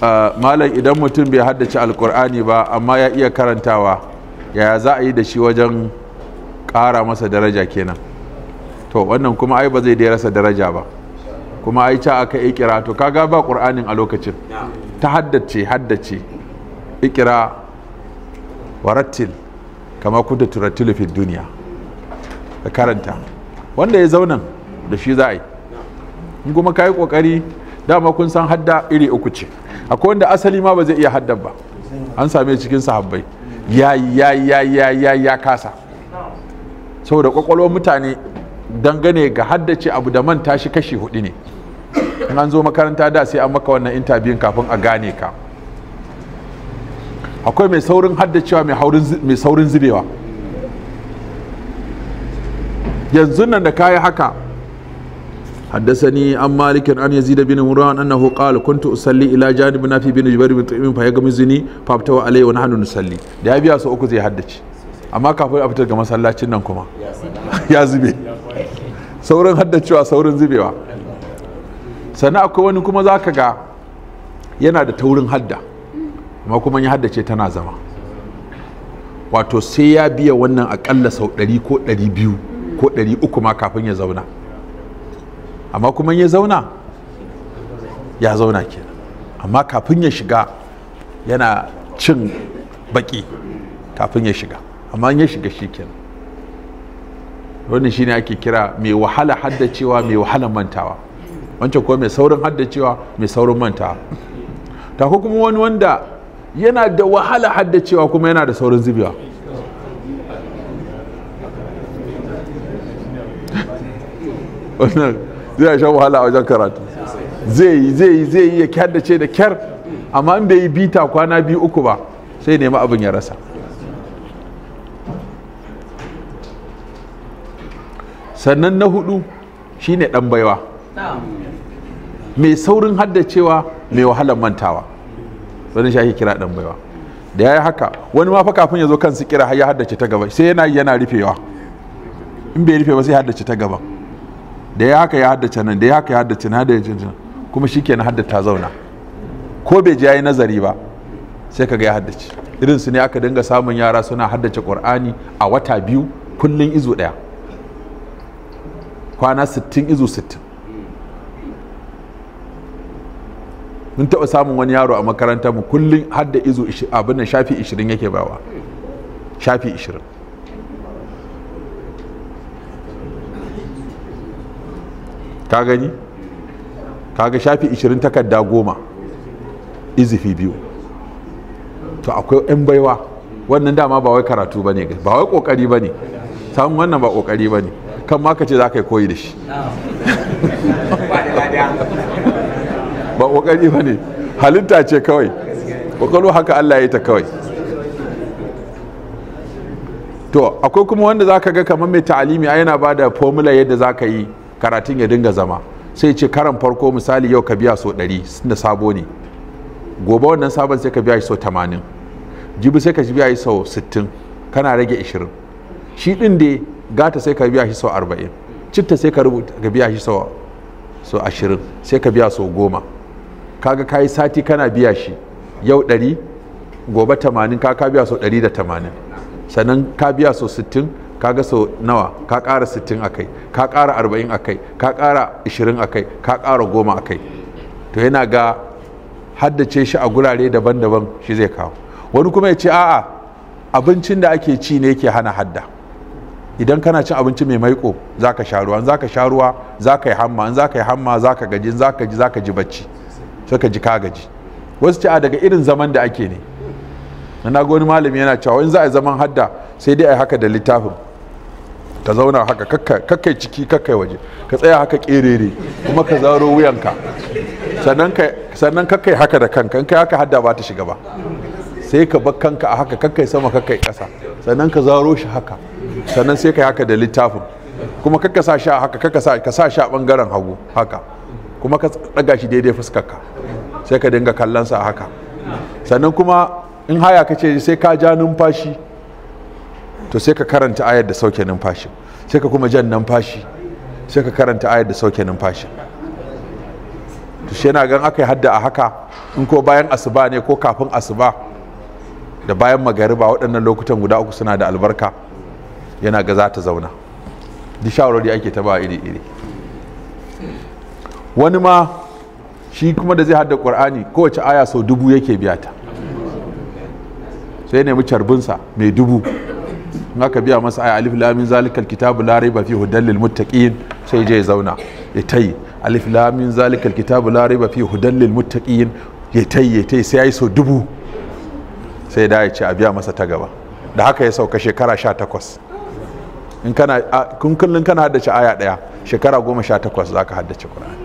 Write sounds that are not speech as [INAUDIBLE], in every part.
Ah, malam idan mutum bai haddace alkur'ani ba amma ya iya karantawa yaya za a yi da shi wajen ƙara masa daraja kenan to wannan kuma ai ba zai da rasa daraja ba kuma ai ca aka ikira to kaga ba qur'anin a lokacin ta haddace haddace ikira warattil kama kunta turattilu fi duniya karanta wanda ya zaunan da shi za a yi in kuma kayi kokari dama kun san hadda iri uku ce akwai wanda asali ma ba zai iya haddar ba an same cikin sahabbai ya ya ya ya ya ya kasa saboda kwakwalwar mutane dangane ga haddace abu da manta shi kashi hudu ne in an zo makaranta da sai an maka wannan intabiyun kafin a gane ka akwai mai saurin haddacewa mai saurin zubewa yanzu nan da kayi haka حدثني عن مالك عن يزيد بن مروان انه قال كنت اصلي الى جانب نافي بن جبير بن تيم فيغمزني فابتوى علي ونحن نصلي ده ya سو su زي حدث اما amma kafin a صلاتين ga كما يا زبي سورن حدثوا سورن زبيوا سنا اكو وني كما wani kuma yana da taurin hadda amma kuma ya haddace tana zama wato sai ya biya wannan akalla sau 100 ko 200 ko 300 ma kafin ya zauna amma kuma ya zauna ya zauna ke amma kafin ya shiga yana cin baki kafin ya shiga amma ya shiga shi ke wani shi ne ake kira mai wahala haddacewa mai wahala mantawa wancan kuma mai saurin haddacewa mai saurin mantawa ta kuma wani wanda yana da wahala haddacewa kuma yana da saurin zubewa [LAUGHS] wannan zai shan wahala a wajen karatu zai yi zai yi zai yi ya kyar da ce da kyar amma in bai yi bita kwana biyu uku ba sai nema abin ya rasa sannan na hudu shine dan baiwa mai saurin haddacewa mai wahalar mantawa wani shi ake kira dan baiwa da ya yi haka wani ma fa kafin ya zo kan su kira ya haddace ta gaba sai yana yana rufewa in bai rufe ba sai haddace ta gaba da ya haka ya haddace nan da ya haka ya haddace nan da ya haddace kuma shi kenan haddata zauna ko bai ji ya yi nazari ba sai kaga ya haddace irin su ne aka dinga samun yara suna haddace qur'ani a wata biyu kullun izu daya kwana 60 izu 60 mun taɓa samun wani yaro a makaranta mu kullun hadda izu abin shafi 20 yake bawa shafi 20 ka gani kaga shafi 20 takarda goma izifi biyu to akwai 'yan baiwa wannan dama ba wai karatu ba ne ba wai kokari ba ne samun wannan ba kokari ba ne kan ma ka ce za ka yi koyi da shi [LAUGHS] ba kokari ba ne halitta ce kawai kokalo haka allah ya ta kawai to akwai kuma wanda za ka ga kamar mai ta'alimi a yana ba da formula yadda za ka yi karatun ya dinga zama sai ce karan farko misali yau ka biya so 100 da sabo ne gobe wannan sabon sai ka biya so 80 jibi sai ka biya shi so 60 kana rage 20 shi din da gata sai ka biya shi so 40 citta sai ka rubuta ka biya shi so so 20 sai ka biya so 10 kaga kai sati kana biya shi yau 100 gobe 80 ka ka biya so 180 sannan ka biya so 60 kaga so nawa ka ƙara 60 a kai ka ƙara 40 a kai ka ƙara 20 a kai ka ƙara 10 a kai to yana ga haddace shi a gurare daban-daban shi zai kawo wani kuma ya ce a'a abincin da ake ci ne ke hana hadda idan kana cin abinci mai maiko za ka sha ruwa za ka sha ruwa za ka yi hamma za ka yi hamma za ka gaji za ka ji za ka ji bacci sai ka ji ka gaji wasu ce a daga irin zaman da ake ne na ga wani malami yana cewa in za a zaman hadda sai dai a haka da littafin ka zauna haka kakkai ciki kakkai waje ka tsaya haka kerere kuma ka zaro wuyanka sannan kakkai haka da kanka in kai haka hadda ba ta shiga ba sai ka bar kanka a haka kakkai sama kakkai ƙasa sannan ka zaro shi haka sannan sai ka haka da littafin kuma kakka sa shi a haka kakka ka sa shi a bangaren hagu haka kuma ka daga shi daidai fuskarka sai ka dinga kallon sa haka sannan kuma in haya ka ce sai ka ja numfashi to sai ka karanta ayar da sauke numfashi sai ka kuma jan numfashi sai ka karanta ayar da sauke numfashi to shi yana gan aka yi hadda a haka in ko bayan asuba ne ko kafin asuba da bayan magariba waɗannan lokutan guda uku suna da albarka yana ga za ta zauna duk shawarwari ake ta ba iri iri wani ma shi kuma da zai hada ƙwar'ani kowace aya sau dubu yake biya ta sai nemi carbinsa mai dubu in aka biya masa aya alif lamin zalikal kitabu la raiba fi hudan lil muttaqin sai je zauna ya tayi alif lamin zalikal kitabu la raiba fi hudan lil muttaqin ya tayi ya tayi sai yayi so dubu sai da ya ce a biya masa ta gaba da haka ya sauka shekara 18 in kana kun kullun kana haddace aya daya shekara 18 zaka haddace qur'ani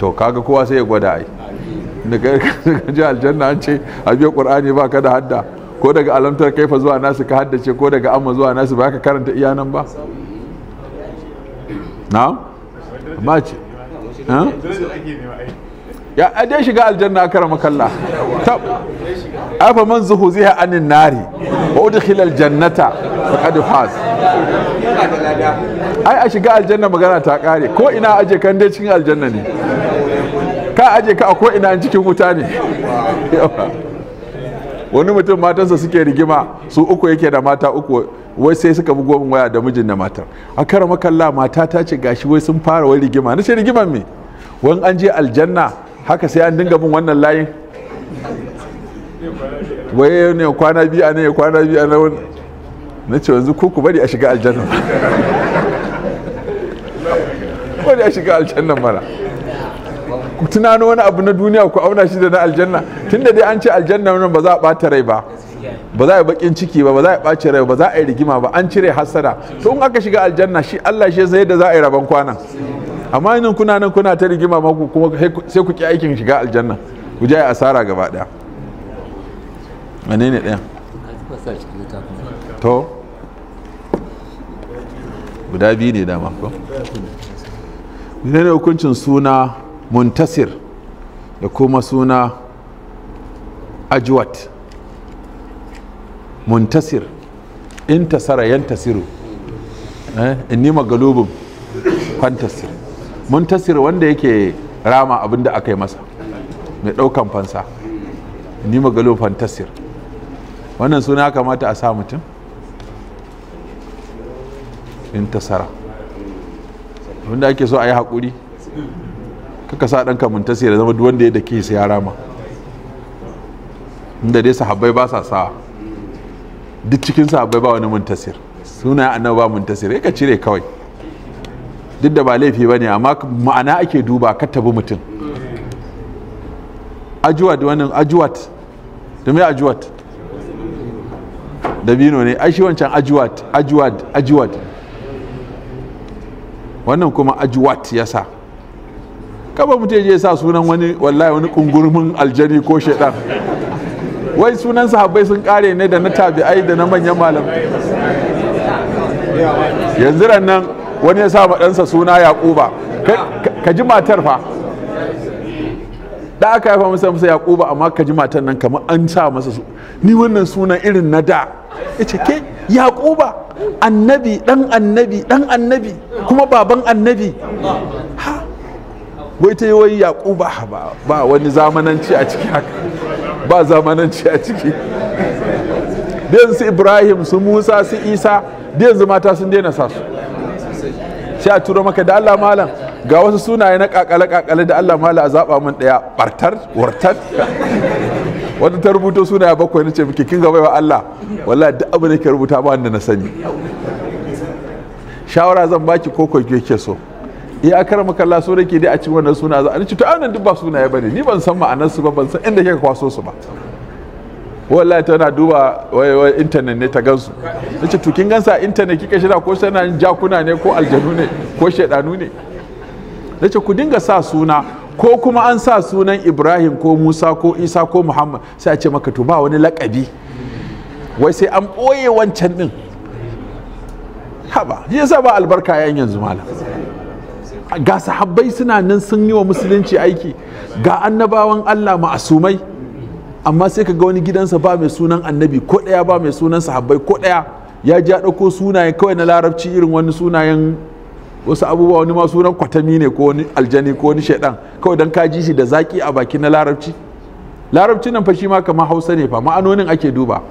to kaga kowa sai ya gwada ai [LAUGHS] daga ji aljanna an ce a biya qur'ani ba ka da hadda ko daga alamtar kaifa zuwa nasu ka haddace ko daga amma zuwa nasu ba ka karanta iya nan ba na ba ce ya a shiga aljanna akara makalla tab afa man zuhuziha anin nari wa udkhila aljannata faqad faz ai a shiga aljanna magana ta kare ko ina aje kan dai cikin aljanna ne ka aje ka ko ina cikin wuta ne wani mutum matansa suke rigima su uku yake da mata uku wai sai suka bi gomin waya da mijin da matar a kara makalla mata ta ce gashi wai sun fara wai rigima na ce rigiman me wani an je aljanna haka sai an dinga bin wannan layin wai ne kwana biyu a ne kwana biyu a wani na ce yanzu ko ku bari a shiga aljanna [LAUGHS] bari a shiga aljanna mara ku tunano wani abu na duniya ku auna shi da na aljanna tunda dai an ce aljanna wannan ba za a ɓata rai ba ba za a yi bakin ciki ba ba za a yi ɓaci rai ba za a yi rigima ba an cire hasara to in aka shiga aljanna shi Allah shi sai da za a yi rabon kwana amma yin kuna nan kuna ta rigima ma ku kuma sai ku ki aikin shiga aljanna ku je asara gaba daya menene ne daya to guda biyu ne dama ko menene hukuncin suna muntasir da kuma suna ajwat muntasir in tasara yan tasiru eh, in nima galubin fantasir muntasir wanda yake rama abin da aka yi masa mai ɗaukan fansa nima galubin fantasir wannan suna kamata a sa mutum in tasara da ake so a yi haƙuri kaka sa ɗanka muntasi da zama wanda ya dake sai ya rama inda dai sahabbai ba sa sa duk cikin sahabbai ba wani muntasir suna annabi ba muntasir ya ka cire kawai duk da ba laifi ba ne amma ma'ana ake duba ka tabi mutum ajuwat wani ajuwat da mai ajuwat dabino ne ai shi wancan ajuwat ajuwat ajuwat wannan kuma ajuwat ya sa kaba mutum je sa sunan wani wallahi wani kungurmin aljani ko shaidan wai sunan sahabbai sun kare ne da na tabi'ai da na manyan malam yanzu nan wani ya sa ma suna Yakuba. ka ji matar fa da aka haifa masa masa Yakuba amma ka ji matar nan kamar an sa masa su ni wannan suna irin na da ce ke yakuba annabi dan annabi dan annabi kuma baban annabi ha wai ta yi wai yaƙuba ba ba wani zamananci a ciki haka ba zamananci a ciki da su ibrahim su musa su isa da yanzu mata sun daina sa su sai a turo maka da allah malam ga wasu sunaye na kakale kakale da allah malam a zaɓa man ɗaya ɓartar wartar wata ta rubuto sunaye bakwai na ce muke kin gaba wa allah walla duk abu ne ke rubuta ba wanda na sani shawara zan baki ko ke so ya akara makalla so da ke dai a cikin wannan suna za a ci to nan duk ba sunaye bane ni ban san ma'anar su ba ban san inda kika kwaso su ba wallahi tana duba wai intanet ne ta gansu nace to kin gansa intanet kika shira ko tana jakuna ne ko aljanu ne ko shedanu ne nace ku dinga sa suna ko kuma an sa sunan Ibrahim ko Musa ko Isa ko Muhammad sai a ce maka to ba wani lakabi wai sai an ɓoye wancan din haba yasa ba albarka yayin yanzu malam ga sahabbai suna nan sun yi wa musulunci aiki ga annabawan Allah ma'asumai amma sai ka ga wani gidansa ba mai sunan annabi ko ɗaya ba mai sunan sahabbai ko ɗaya ya ji ya ɗauko sunayen kawai na larabci irin wani sunayen wasu abubuwa wani ma sunan kwatami ne ko wani aljani ko wani shaidan kawai dan ka ji shi da zaki a baki na larabci larabci nan fa shi ma kamar hausa ne fa ma'anonin ake duba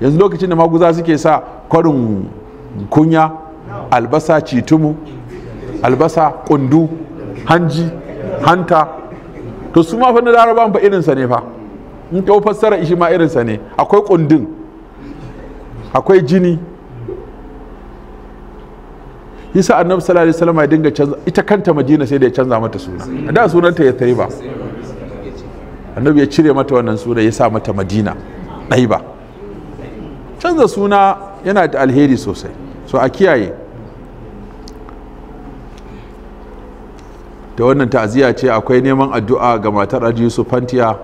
yanzu lokacin da maguza suke sa kwarin kunya albasa citumu albasa kundu hanji hanta to su ma fa na fa irinsa ne fa in ka fassara shi ma irinsa ne akwai kundin akwai jini yasa annabi sallallahu alaihi wasallam ya dinga canza ita kanta madina sai da ya canza mata suna da sunanta ya ba. annabi ya cire mata wannan suna ya sa mata madina ɗaiba canza suna yana da alheri sosai so a kiyaye ta wannan ta'aziyya ce akwai neman addu'a ga matar Alhaji Yusuf Fantiya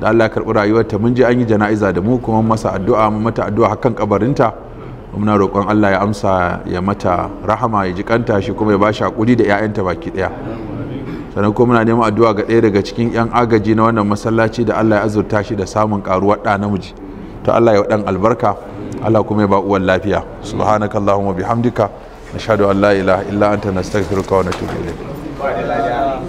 da Allah ya karɓi rayuwarta mun je an yi jana'iza da mu kuma masa addu'a mu mata addu'a hakan kabarinta muna roƙon Allah ya amsa ya mata rahama ya ji kanta shi kuma ya ba shi hakuri da 'ya'yanta baki ɗaya sannan kuma muna neman addu'a ga ɗaya daga cikin 'yan agaji na wannan masallaci da Allah ya azurta shi da samun karuwar ɗa namiji ta Allah ya ɗan albarka Allah kuma ya ba uwan lafiya subhanakallahumma bihamdika nashhadu an la ilaha illa anta nastaghfiruka wa natubu ilayk 快点大家。